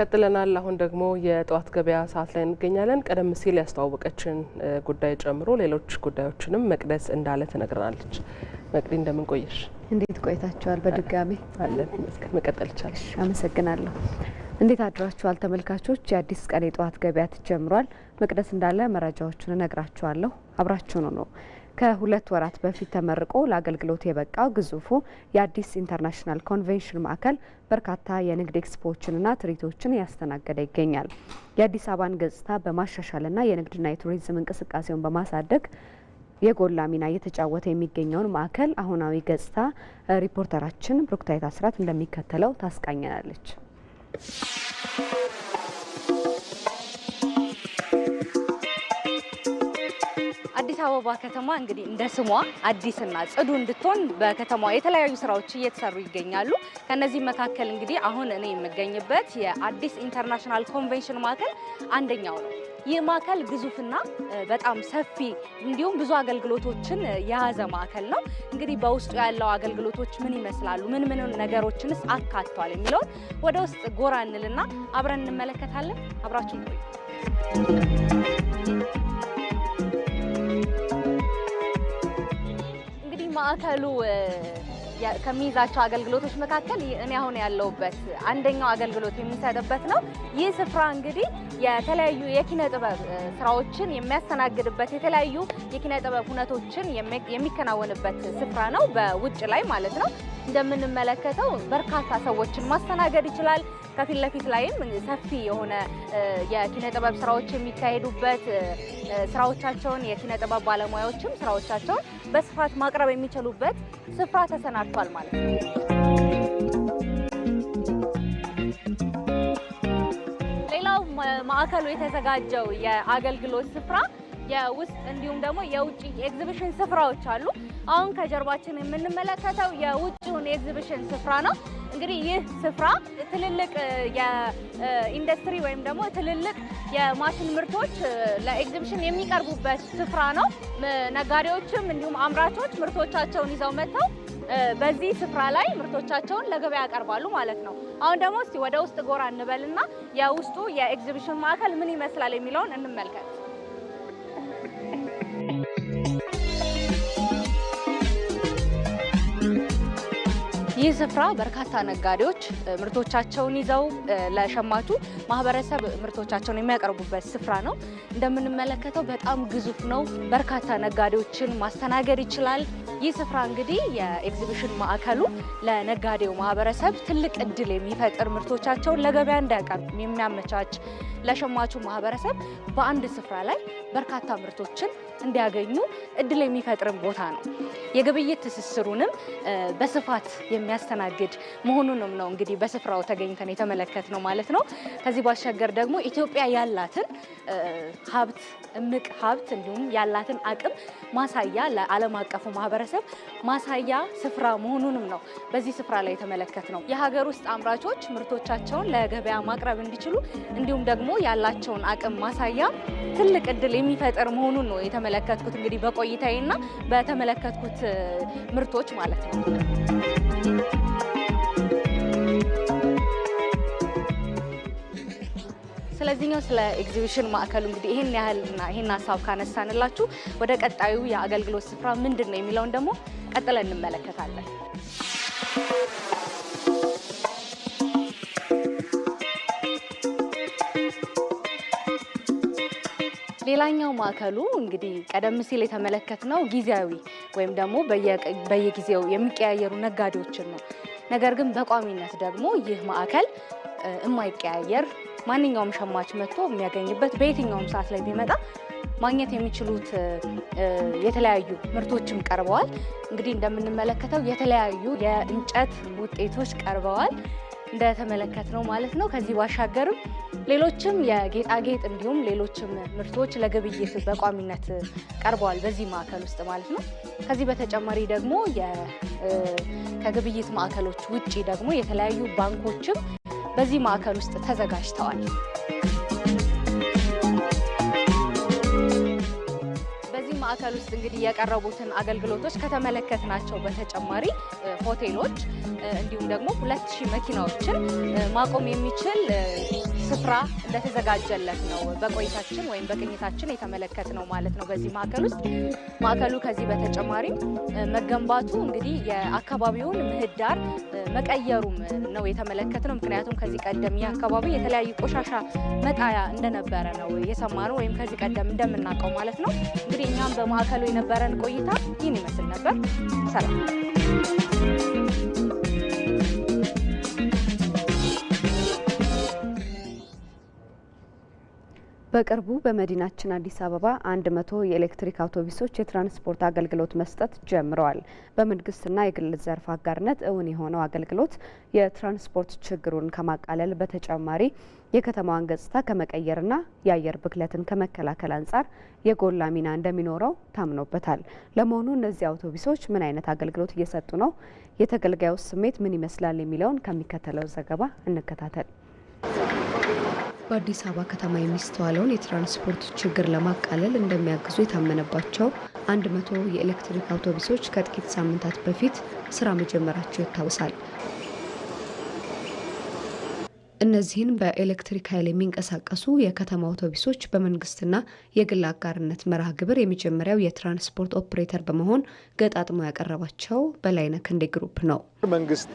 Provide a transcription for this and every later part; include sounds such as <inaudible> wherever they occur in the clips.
ቀጥለናል። አሁን ደግሞ የጠዋት ገበያ ሰዓት ላይ እንገኛለን። ቀደም ሲል ያስተዋወቀችን ጉዳይ ጨምሮ ሌሎች ጉዳዮችንም መቅደስ እንዳለ ትነግረናለች። መቅዲ እንደምን ቆየሽ? እንዴት ቆይታችኋል? በድጋሚ አለን መቀጠል ይቻላል። አመሰግናለሁ። እንዴት አድራችኋል ተመልካቾች? የአዲስ ቀን የጠዋት ገበያ ትጀምሯል። መቅደስ እንዳለ መረጃዎቹን እነግራችኋለሁ። አብራችሁኑ ነው ከሁለት ወራት በፊት ተመርቆ ለአገልግሎት የበቃው ግዙፉ የአዲስ ኢንተርናሽናል ኮንቬንሽን ማዕከል በርካታ የንግድ ኤክስፖዎችንና ትርኢቶችን ያስተናገደ ይገኛል። የአዲስ አበባን ገጽታ በማሻሻልና የንግድና የቱሪዝም እንቅስቃሴውን በማሳደግ የጎላ ሚና እየተጫወተ የሚገኘውን ማዕከል አሁናዊ ገጽታ ሪፖርተራችን ብሩክታይት አስራት እንደሚከተለው ታስቃኘናለች። አበባ ከተማ እንግዲህ እንደ ስሟ አዲስና ጽዱ እንድትሆን በከተማ የተለያዩ ስራዎች እየተሰሩ ይገኛሉ። ከነዚህ መካከል እንግዲህ አሁን እኔ የምገኝበት የአዲስ ኢንተርናሽናል ኮንቬንሽን ማዕከል አንደኛው ነው። ይህ ማዕከል ግዙፍና በጣም ሰፊ እንዲሁም ብዙ አገልግሎቶችን የያዘ ማዕከል ነው። እንግዲህ በውስጡ ያለው አገልግሎቶች ምን ይመስላሉ፣ ምን ምን ነገሮችንስ አካቷል የሚለውን ወደ ውስጥ ጎራ እንልና አብረን እንመለከታለን። አብራችሁ ማዕከሉ ከሚይዛቸው አገልግሎቶች መካከል እኔ አሁን ያለሁበት አንደኛው አገልግሎት የሚሰጥበት ነው። ይህ ስፍራ እንግዲህ የተለያዩ የኪነ ጥበብ ስራዎችን የሚያስተናግድበት የተለያዩ የኪነ ጥበብ ሁነቶችን የሚከናወንበት ስፍራ ነው፣ በውጭ ላይ ማለት ነው። እንደምንመለከተው በርካታ ሰዎችን ማስተናገድ ይችላል። ከፊት ለፊት ላይም ሰፊ የሆነ የኪነ ጥበብ ስራዎች የሚካሄዱበት ስራዎቻቸውን የኪነ ጥበብ ባለሙያዎችም ስራዎቻቸውን በስፋት ማቅረብ የሚችሉበት ስፍራ ተሰናድቷል ማለት ነው። ሌላው ማዕከሉ የተዘጋጀው የአገልግሎት ስፍራ የውስጥ እንዲሁም ደግሞ የውጭ ኤግዚቢሽን ስፍራዎች አሉ። አሁን ከጀርባችን የምንመለከተው የውጭውን ኤግዚቢሽን ስፍራ ነው። እንግዲህ ይህ ስፍራ ትልልቅ የኢንዱስትሪ ወይም ደግሞ ትልልቅ የማሽን ምርቶች ለኤግዚቢሽን የሚቀርቡበት ስፍራ ነው። ነጋዴዎችም እንዲሁም አምራቾች ምርቶቻቸውን ይዘው መጥተው በዚህ ስፍራ ላይ ምርቶቻቸውን ለገበያ ያቀርባሉ ማለት ነው። አሁን ደግሞ እስቲ ወደ ውስጥ ጎራ እንበልና የውስጡ የኤግዚቢሽን ማዕከል ምን ይመስላል የሚለውን እንመልከት። ይህ ስፍራ በርካታ ነጋዴዎች ምርቶቻቸውን ይዘው ለሸማቹ ማህበረሰብ ምርቶቻቸውን የሚያቀርቡበት ስፍራ ነው። እንደምንመለከተው በጣም ግዙፍ ነው። በርካታ ነጋዴዎችን ማስተናገድ ይችላል። ይህ ስፍራ እንግዲህ የኤግዚቢሽን ማዕከሉ ለነጋዴው ማህበረሰብ ትልቅ እድል የሚፈጥር ምርቶቻቸውን ለገበያ እንዳያቀርብ የሚያመቻች ለሸማቹ ማህበረሰብ በአንድ ስፍራ ላይ በርካታ ምርቶችን እንዲያገኙ እድል የሚፈጥር ቦታ ነው። የግብይት ትስስሩንም በስፋት የሚያ የሚያስተናግድ መሆኑንም ነው እንግዲህ በስፍራው ተገኝተን የተመለከት ነው ማለት ነው። ከዚህ ባሻገር ደግሞ ኢትዮጵያ ያላትን ሀብት እምቅ ሀብት እንዲሁም ያላትን አቅም ማሳያ ለዓለም አቀፉ ማህበረሰብ ማሳያ ስፍራ መሆኑንም ነው በዚህ ስፍራ ላይ የተመለከት ነው። የሀገር ውስጥ አምራቾች ምርቶቻቸውን ለገበያ ማቅረብ እንዲችሉ እንዲሁም ደግሞ ያላቸውን አቅም ማሳያ ትልቅ እድል የሚፈጥር መሆኑን ነው የተመለከትኩት እንግዲህ በቆይታዬና በተመለከትኩት ምርቶች ማለት ነው። ስለዚህኛው ስለ ኤግዚቢሽን ማዕከሉ እንግዲህ ይህን ያህልና ይህን ሀሳብ ካነሳንላችሁ ወደ ቀጣዩ የአገልግሎት ስፍራ ምንድን ነው የሚለውን ደግሞ ቀጥለን እንመለከታለን። ሌላኛው ማዕከሉ እንግዲህ ቀደም ሲል የተመለከትነው ጊዜያዊ ወይም ደግሞ በየጊዜው የሚቀያየሩ ነጋዴዎችን ነው። ነገር ግን በቋሚነት ደግሞ ይህ ማዕከል የማይቀያየር ማንኛውም ሸማች መጥቶ የሚያገኝበት በየትኛውም ሰዓት ላይ ቢመጣ ማግኘት የሚችሉት የተለያዩ ምርቶችም ቀርበዋል። እንግዲህ እንደምንመለከተው የተለያዩ የእንጨት ውጤቶች ቀርበዋል። ነው ማለት ነው። ከዚህ ባሻገርም ሌሎችም የጌጣጌጥ እንዲሁም ሌሎችም ምርቶች ለግብይት በቋሚነት ቀርበዋል በዚህ ማዕከል ውስጥ ማለት ነው። ከዚህ በተጨማሪ ደግሞ ከግብይት ማዕከሎች ውጭ ደግሞ የተለያዩ ባንኮችም በዚህ ማዕከል ውስጥ ተዘጋጅተዋል። ማዕከል ውስጥ እንግዲህ የቀረቡትን አገልግሎቶች ከተመለከትናቸው በተጨማሪ ሆቴሎች እንዲሁም ደግሞ ሁለት ሺህ መኪናዎችን ማቆም የሚችል ስፍራ እንደተዘጋጀለት ነው በቆይታችን ወይም በቅኝታችን የተመለከት ነው ማለት ነው። በዚህ ማዕከል ውስጥ ማዕከሉ ከዚህ በተጨማሪም መገንባቱ እንግዲህ የአካባቢውን ምህዳር መቀየሩም ነው የተመለከት ነው። ምክንያቱም ከዚህ ቀደም ይህ አካባቢ የተለያዩ ቆሻሻ መጣያ እንደነበረ ነው የሰማነው ወይም ከዚህ ቀደም እንደምናውቀው ማለት ነው እንግዲህ እኛም በማዕከሉ የነበረን ቆይታ ይህን ይመስል ነበር። ሰላም በቅርቡ በመዲናችን አዲስ አበባ 100 የኤሌክትሪክ አውቶቡሶች የትራንስፖርት አገልግሎት መስጠት ጀምረዋል። በመንግስትና የግል ዘርፍ አጋርነት እውን የሆነው አገልግሎት የትራንስፖርት ችግሩን ከማቃለል በተጨማሪ የከተማዋን ገጽታ ከመቀየርና የአየር ብክለትን ከመከላከል አንጻር የጎላ ሚና እንደሚኖረው ታምኖበታል። ለመሆኑ እነዚህ አውቶቡሶች ምን አይነት አገልግሎት እየሰጡ ነው? የተገልጋዩ ስሜት ምን ይመስላል? የሚለውን ከሚከተለው ዘገባ እንከታተል። በአዲስ አበባ ከተማ የሚስተዋለውን የትራንስፖርት ችግር ለማቃለል እንደሚያግዙ የታመነባቸው አንድ መቶ የኤሌክትሪክ አውቶቡሶች ከጥቂት ሳምንታት በፊት ስራ መጀመራቸው ይታወሳል። እነዚህን በኤሌክትሪክ ኃይል የሚንቀሳቀሱ የከተማ አውቶቡሶች በመንግስትና የግል አጋርነት መርሃ ግብር የመጀመሪያው የትራንስፖርት ኦፕሬተር በመሆን ገጣጥሞ ያቀረባቸው በላይነህ ክንዴ ግሩፕ ነው። መንግስት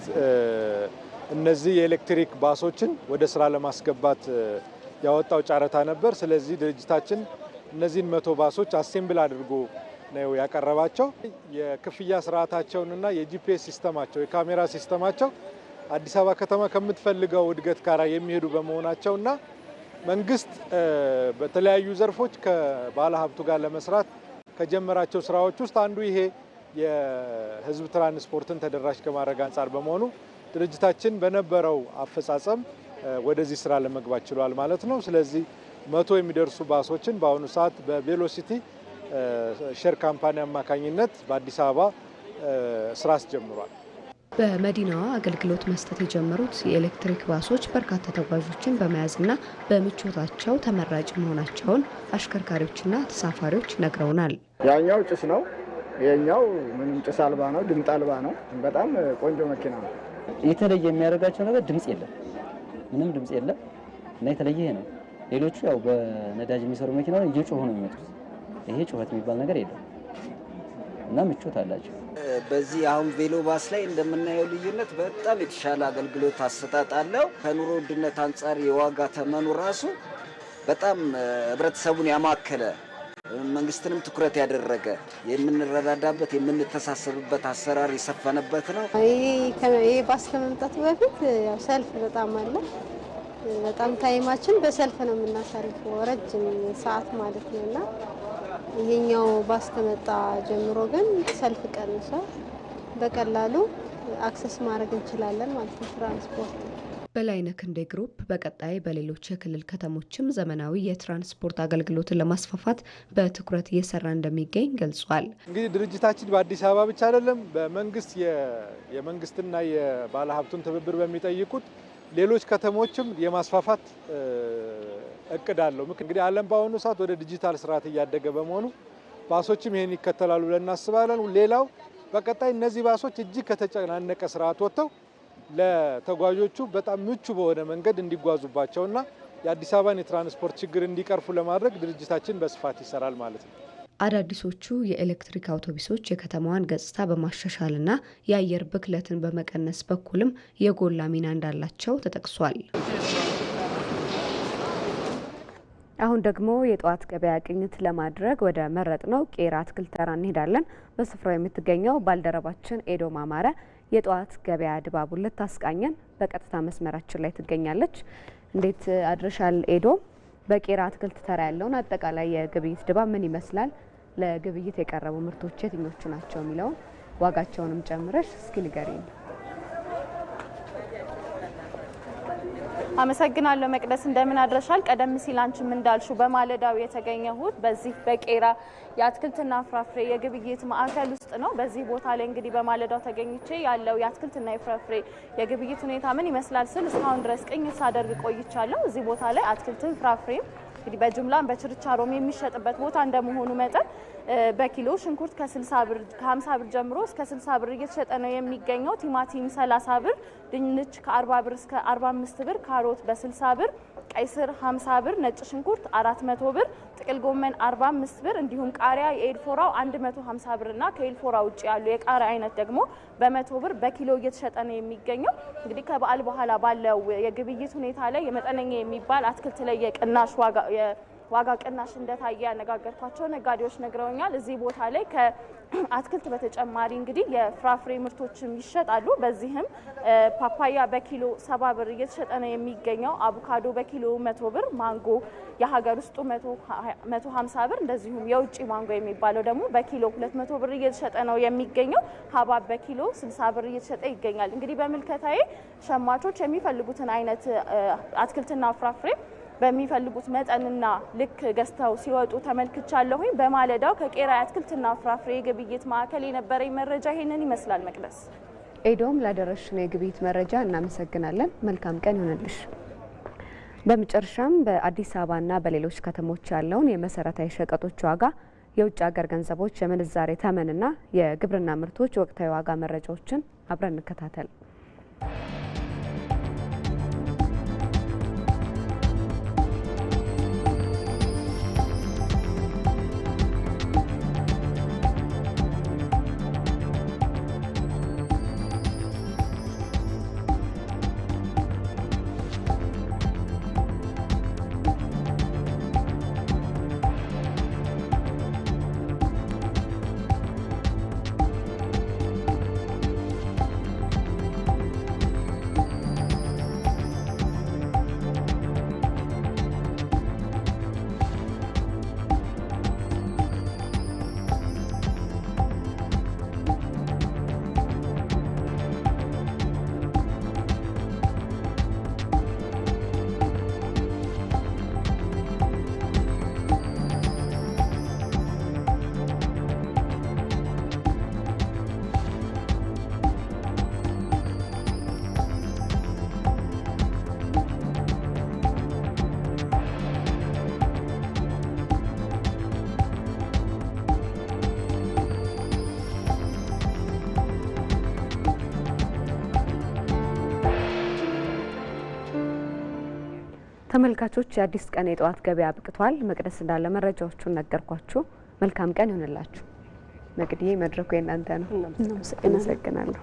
እነዚህ የኤሌክትሪክ ባሶችን ወደ ስራ ለማስገባት ያወጣው ጨረታ ነበር። ስለዚህ ድርጅታችን እነዚህን መቶ ባሶች አሴምብል አድርጎ ነው ያቀረባቸው። የክፍያ ስርዓታቸውንና የጂፒኤስ ሲስተማቸው የካሜራ ሲስተማቸው አዲስ አበባ ከተማ ከምትፈልገው እድገት ጋር የሚሄዱ በመሆናቸው እና መንግስት በተለያዩ ዘርፎች ከባለ ሀብቱ ጋር ለመስራት ከጀመራቸው ስራዎች ውስጥ አንዱ ይሄ የህዝብ ትራንስፖርትን ተደራሽ ከማድረግ አንጻር በመሆኑ ድርጅታችን በነበረው አፈጻጸም ወደዚህ ስራ ለመግባት ችሏል ማለት ነው። ስለዚህ መቶ የሚደርሱ ባሶችን በአሁኑ ሰዓት በቬሎሲቲ ሼር ካምፓኒ አማካኝነት በአዲስ አበባ ስራ አስጀምሯል። በመዲናዋ አገልግሎት መስጠት የጀመሩት የኤሌክትሪክ ባሶች በርካታ ተጓዦችን በመያዝና በምቾታቸው ተመራጭ መሆናቸውን አሽከርካሪዎችና ተሳፋሪዎች ነግረውናል። ያኛው ጭስ ነው፣ ይሄኛው ምንም ጭስ አልባ ነው፣ ድምጥ አልባ ነው። በጣም ቆንጆ መኪና ነው። የተለየ የሚያደርጋቸው ነገር ድምፅ የለም፣ ምንም ድምፅ የለም እና የተለየ ይሄ ነው። ሌሎቹ ያው በነዳጅ የሚሰሩ መኪና እየጮሁ ነው የሚመጡት። ይሄ ጩኸት የሚባል ነገር የለም እና ምቾት አላቸው። በዚህ አሁን ቬሎ ባስ ላይ እንደምናየው ልዩነት በጣም የተሻለ አገልግሎት አሰጣጥ አለው። ከኑሮ ውድነት አንጻር የዋጋ ተመኑ ራሱ በጣም ህብረተሰቡን ያማከለ መንግስትንም ትኩረት ያደረገ የምንረዳዳበት የምንተሳሰብበት አሰራር የሰፈነበት ነው። ይህ ባስ ከመምጣቱ በፊት ያው ሰልፍ በጣም አለ። በጣም ታይማችን በሰልፍ ነው የምናሳልፈው ረጅም ሰዓት ማለት ነው እና ይሄኛው ባስ ከመጣ ጀምሮ ግን ሰልፍ ቀንሷል። በቀላሉ አክሰስ ማድረግ እንችላለን ማለት ነው ትራንስፖርት በላይነህ ክንዴ ግሩፕ በቀጣይ በሌሎች የክልል ከተሞችም ዘመናዊ የትራንስፖርት አገልግሎትን ለማስፋፋት በትኩረት እየሰራ እንደሚገኝ ገልጿል። እንግዲህ ድርጅታችን በአዲስ አበባ ብቻ አይደለም፣ በመንግስት የመንግስትና የባለሀብቱን ትብብር በሚጠይቁት ሌሎች ከተሞችም የማስፋፋት እቅድ አለው። እንግዲህ ዓለም በአሁኑ ሰዓት ወደ ዲጂታል ስርዓት እያደገ በመሆኑ ባሶችም ይህን ይከተላሉ ብለን እናስባለን። ሌላው በቀጣይ እነዚህ ባሶች እጅግ ከተጨናነቀ ስርዓት ወጥተው ለተጓዦቹ በጣም ምቹ በሆነ መንገድ እንዲጓዙባቸውና የአዲስ አበባን የትራንስፖርት ችግር እንዲቀርፉ ለማድረግ ድርጅታችን በስፋት ይሰራል ማለት ነው። አዳዲሶቹ የኤሌክትሪክ አውቶቡሶች የከተማዋን ገጽታ በማሻሻልና የአየር ብክለትን በመቀነስ በኩልም የጎላ ሚና እንዳላቸው ተጠቅሷል። አሁን ደግሞ የጠዋት ገበያ ቅኝት ለማድረግ ወደ መረጥ ነው ቄራ አትክልት ተራ እንሄዳለን። በስፍራው የምትገኘው ባልደረባችን ኤዶም አማረ የጠዋት ገበያ ድባቡን ልታስቃኘን በቀጥታ መስመራችን ላይ ትገኛለች። እንዴት አድርሻል ኤዶ? በቄራ አትክልት ተራ ያለውን አጠቃላይ የግብይት ድባብ ምን ይመስላል? ለግብይት የቀረቡ ምርቶች የትኞቹ ናቸው የሚለውን ዋጋቸውንም ጨምረሽ እስኪ ንገሪኝ። አመሰግናለሁ መቅደስ፣ እንደምን አድረሻል? ቀደም ሲል አንቺም እንዳልሽው በማለዳው የተገኘሁት በዚህ በቄራ የአትክልትና ፍራፍሬ የግብይት ማዕከል ውስጥ ነው። በዚህ ቦታ ላይ እንግዲህ በማለዳው ተገኝቼ ያለው የአትክልትና የፍራፍሬ የግብይት ሁኔታ ምን ይመስላል ስል እስካሁን ድረስ ቅኝት ሳደርግ ቆይቻለሁ። እዚህ ቦታ ላይ አትክልትን ፍራፍሬም እንግዲህ በጅምላም በችርቻሮም የሚሸጥበት ቦታ እንደመሆኑ መጠን በኪሎ ሽንኩርት ከ60 ብር ከ50 ብር ጀምሮ እስከ 60 ብር እየተሸጠ ነው የሚገኘው። ቲማቲም 30 ብር፣ ድንች ከ40 ብር እስከ 45 ብር፣ ካሮት በ60 ብር፣ ቀይ ስር 50 ብር፣ ነጭ ሽንኩርት 400 ብር፣ ጥቅል ጎመን 45 ብር እንዲሁም ቃሪያ የኤልፎራው 150 ብር እና ከኤልፎራ ውጭ ያሉ የቃሪያ አይነት ደግሞ በመቶ ብር በኪሎ እየተሸጠ ነው የሚገኘው። እንግዲህ ከበዓል በኋላ ባለው የግብይት ሁኔታ ላይ የመጠነኛ የሚባል አትክልት ላይ የቅናሽ ዋጋ ዋጋ ቅናሽ እንደታየ ያነጋገርኳቸው ነጋዴዎች ነግረውኛል። እዚህ ቦታ ላይ ከአትክልት <clears throat> በተጨማሪ እንግዲህ የፍራፍሬ ምርቶችም ይሸጣሉ። በዚህም ፓፓያ በኪሎ ሰባ ብር እየተሸጠ ነው የሚገኘው። አቮካዶ በኪሎ መቶ ብር፣ ማንጎ የሀገር ውስጡ መቶ ሀምሳ ብር፣ እንደዚሁም የውጭ ማንጎ የሚባለው ደግሞ በኪሎ ሁለት መቶ ብር እየተሸጠ ነው የሚገኘው። ሀባብ በኪሎ ስልሳ ብር እየተሸጠ ይገኛል። እንግዲህ በምልከታዬ ሸማቾች የሚፈልጉትን አይነት አትክልትና ፍራፍሬ በሚፈልጉት መጠንና ልክ ገዝተው ሲወጡ ተመልክቻለሁ። በማለዳው ከቄራ አትክልትና ፍራፍሬ የግብይት ማዕከል የነበረኝ መረጃ ይህንን ይመስላል። መቅደስ ኤዶም፣ ላደረሽን የግብይት መረጃ እናመሰግናለን። መልካም ቀን ይሆንልሽ። በመጨረሻም በአዲስ አበባና በሌሎች ከተሞች ያለውን የመሰረታዊ ሸቀጦች ዋጋ፣ የውጭ ሀገር ገንዘቦች የምንዛሬ ተመንና የግብርና ምርቶች ወቅታዊ ዋጋ መረጃዎችን አብረን እንከታተል። ተመልካቾች የአዲስ ቀን የጠዋት ገበያ አብቅቷል። መቅደስ እንዳለ መረጃዎቹን ነገርኳችሁ። መልካም ቀን ይሆንላችሁ። መቅድዬ መድረኩ የእናንተ ነው። እናመሰግናለሁ።